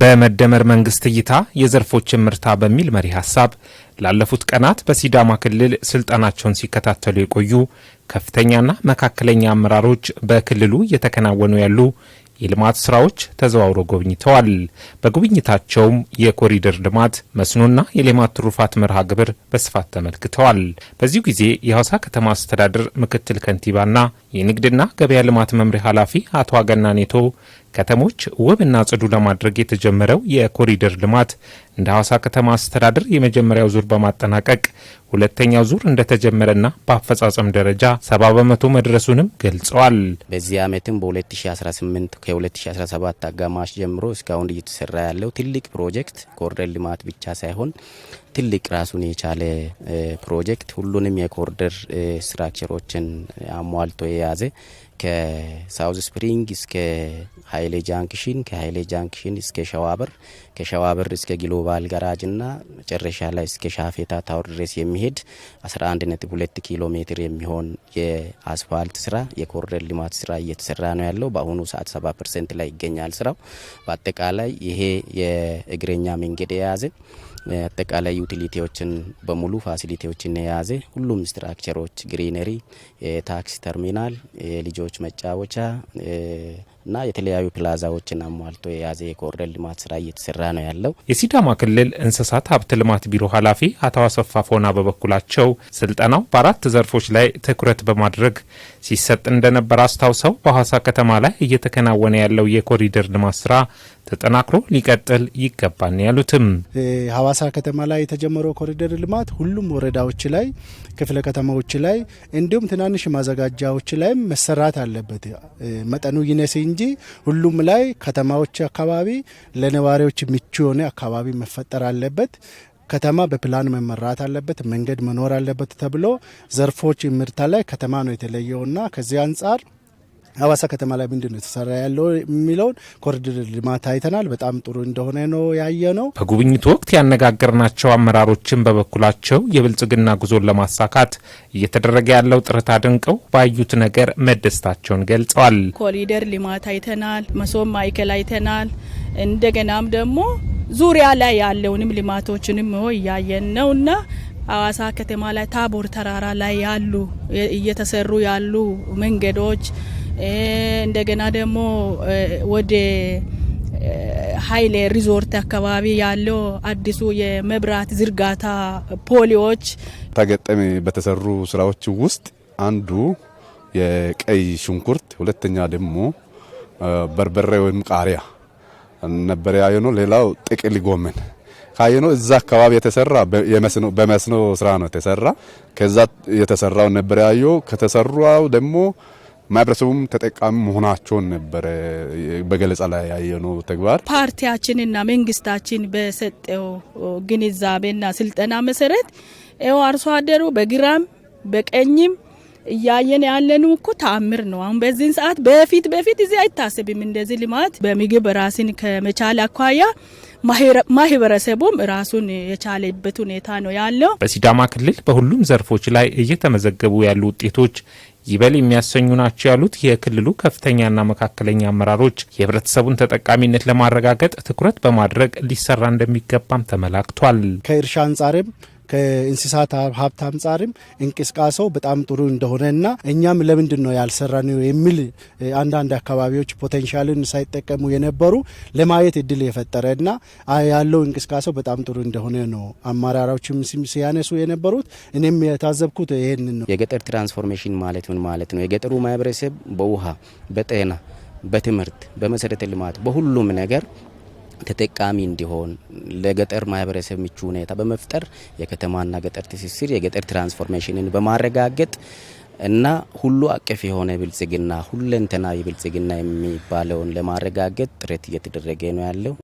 በመደመር መንግስት እይታ የዘርፎችን ምርታ በሚል መሪ ሀሳብ ላለፉት ቀናት በሲዳማ ክልል ስልጠናቸውን ሲከታተሉ የቆዩ ከፍተኛና መካከለኛ አመራሮች በክልሉ እየተከናወኑ ያሉ የልማት ስራዎች ተዘዋውረው ጎብኝተዋል። በጉብኝታቸውም የኮሪደር ልማት፣ መስኖና የሌማት ትሩፋት መርሃ ግብር በስፋት ተመልክተዋል። በዚሁ ጊዜ የሐዋሳ ከተማ አስተዳደር ምክትል ከንቲባና የንግድና ገበያ ልማት መምሪያ ኃላፊ አቶ አገና ኔቶ ከተሞች ውብና ጽዱ ለማድረግ የተጀመረው የኮሪደር ልማት እንደ ሐዋሳ ከተማ አስተዳደር የመጀመሪያው ዙር ዙር በማጠናቀቅ ሁለተኛው ዙር እንደተጀመረና በአፈጻጸም ደረጃ ሰባ በመቶ መድረሱንም ገልጸዋል። በዚህ ዓመትም በ2018 ከ2017 አጋማሽ ጀምሮ እስካሁን እየተሰራ ያለው ትልቅ ፕሮጀክት ኮሪደር ልማት ብቻ ሳይሆን ትልቅ ራሱን የቻለ ፕሮጀክት ሁሉንም የኮሪደር ስትራክቸሮችን አሟልቶ የያዘ ከሳውዝ ስፕሪንግ እስከ ሀይሌ ጃንክሽን፣ ከሀይሌ ጃንክሽን እስከ ሸዋበር፣ ከሸዋበር እስከ ግሎባል ጋራጅ እና መጨረሻ ላይ እስከ ሻፌታ ታወር ድረስ የሚሄድ 11.2 ኪሎ ሜትር የሚሆን የአስፋልት ስራ የኮሪደር ልማት ስራ እየተሰራ ነው ያለው። በአሁኑ ሰዓት 7 ፐርሰንት ላይ ይገኛል ስራው። በአጠቃላይ ይሄ የእግረኛ መንገድ የያዘ አጠቃላይ ዩቲሊቲዎችን በሙሉ ፋሲሊቲዎችን የያዘ ሁሉም ስትራክቸሮች፣ ግሪነሪ፣ ታክሲ ተርሚናል፣ የልጆች መጫወቻ እና የተለያዩ ፕላዛዎችን አሟልቶ የያዘ የኮሪደር ልማት ስራ እየተሰራ ነው ያለው። የሲዳማ ክልል እንስሳት ሀብት ልማት ቢሮ ኃላፊ አቶ አሰፋ ፎና በበኩላቸው ስልጠናው በአራት ዘርፎች ላይ ትኩረት በማድረግ ሲሰጥ እንደነበር አስታውሰው በሐዋሳ ከተማ ላይ እየተከናወነ ያለው የኮሪደር ልማት ስራ ተጠናክሮ ሊቀጥል ይገባል ያሉትም ሀዋሳ ከተማ ላይ የተጀመረው ኮሪደር ልማት ሁሉም ወረዳዎች ላይ ክፍለ ከተማዎች ላይ እንዲሁም ትናንሽ ማዘጋጃዎች ላይ መሰራት አለበት። መጠኑ ይነስ እንጂ ሁሉም ላይ ከተማዎች አካባቢ ለነዋሪዎች ምቹ የሆነ አካባቢ መፈጠር አለበት። ከተማ በፕላን መመራት አለበት። መንገድ መኖር አለበት ተብሎ ዘርፎች ምርታ ላይ ከተማ ነው የተለየውና ከዚህ አንጻር ሀዋሳ ከተማ ላይ ምንድን ነው የተሰራ ያለው የሚለውን ኮሪደር ልማት አይተናል። በጣም ጥሩ እንደሆነ ነው ያየ ነው። በጉብኝቱ ወቅት ያነጋገርናቸው አመራሮችን በበኩላቸው የብልጽግና ጉዞን ለማሳካት እየተደረገ ያለው ጥረት አድንቀው ባዩት ነገር መደሰታቸውን ገልጸዋል። ኮሪደር ልማት አይተናል። መሶብ ማዕከል አይተናል። እንደገናም ደግሞ ዙሪያ ላይ ያለውንም ልማቶችንም እያየን ነውና ሀዋሳ ከተማ ላይ ታቦር ተራራ ላይ ያሉ እየተሰሩ ያሉ መንገዶች እንደገና ደግሞ ወደ ሀይሌ ሪዞርት አካባቢ ያለው አዲሱ የመብራት ዝርጋታ ፖሊዎች ተገጠመ በተሰሩ ስራዎች ውስጥ አንዱ የቀይ ሽንኩርት፣ ሁለተኛ ደግሞ በርበሬ ወይም ቃሪያ ነበረ ያየነው። ሌላው ጥቅል ጎመን ካየነው እዛ አካባቢ የተሰራ በመስኖ ስራ ነው የተሰራ። ከዛ የተሰራው ነበር ያየው። ከተሰራው ደግሞ ማህበረሰቡም ተጠቃሚ መሆናቸውን ነበረ በገለጻ ላይ ያየነው ተግባር። ፓርቲያችንና መንግስታችን በሰጠው ግንዛቤና ስልጠና መሰረት ይኸው አርሶ አደሩ በግራም በቀኝም እያየን ያለን እኮ ተአምር ነው። አሁን በዚህን ሰዓት በፊት በፊት እዚህ አይታሰብም እንደዚህ ልማት በምግብ ራስን ከመቻል አኳያ ማህበረሰቡም ራሱን የቻለበት ሁኔታ ነው ያለው። በሲዳማ ክልል በሁሉም ዘርፎች ላይ እየተመዘገቡ ያሉ ውጤቶች ይበል የሚያሰኙ ናቸው ያሉት የክልሉ ከፍተኛና መካከለኛ አመራሮች የህብረተሰቡን ተጠቃሚነት ለማረጋገጥ ትኩረት በማድረግ ሊሰራ እንደሚገባም ተመላክቷል። ከእርሻ አንጻርም ከእንስሳት ሀብት አንጻርም እንቅስቃሴው በጣም ጥሩ እንደሆነና እኛም ለምንድን ነው ነው የሚል አንዳንድ አካባቢዎች ፖቴንሻልን ሳይጠቀሙ የነበሩ ለማየት እድል የፈጠረና ያለው እንቅስቃሴው በጣም ጥሩ እንደሆነ ነው አመራሮችም ሲያነሱ የነበሩት። እኔም የታዘብኩት ይህን ነው። የገጠር ትራንስፎርሜሽን ማለት ምን ማለት ነው? የገጠሩ ማህበረሰብ በውሃ፣ በጤና፣ በትምህርት፣ በመሰረተ ልማት በሁሉም ነገር ተጠቃሚ እንዲሆን ለገጠር ማህበረሰብ ምቹ ሁኔታ በመፍጠር የከተማና ገጠር ትስስር የገጠር ትራንስፎርሜሽንን በማረጋገጥ እና ሁሉ አቀፍ የሆነ ብልጽግና ሁለንተናዊ ብልጽግና የሚባለውን ለማረጋገጥ ጥረት እየተደረገ ነው ያለው።